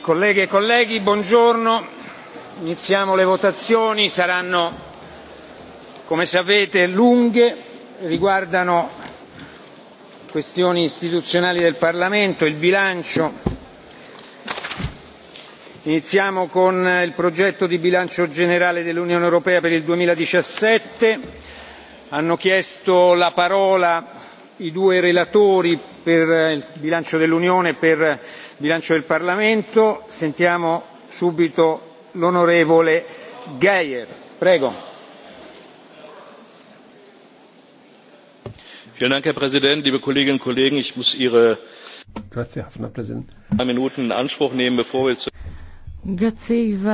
Colleghe e colleghi, buongiorno. Iniziamo le votazioni, saranno, come sapete, lunghe, riguardano questioni istituzionali del Parlamento, il bilancio. Iniziamo con il progetto di bilancio generale dell'Unione Europea per il 2017. Hanno chiesto la parola i due relatori per eh, il bilancio dell'Unione e per eh, il bilancio del Parlamento. Sentiamo subito l'onorevole Geier. Prego. Vielen Dank, Herr Präsident, liebe Kolleginnen und Kollegen. Ich muss Ihre Grazie, Herr Präsident. Minuten in Anspruch nehmen, bevor wir zu Grazie,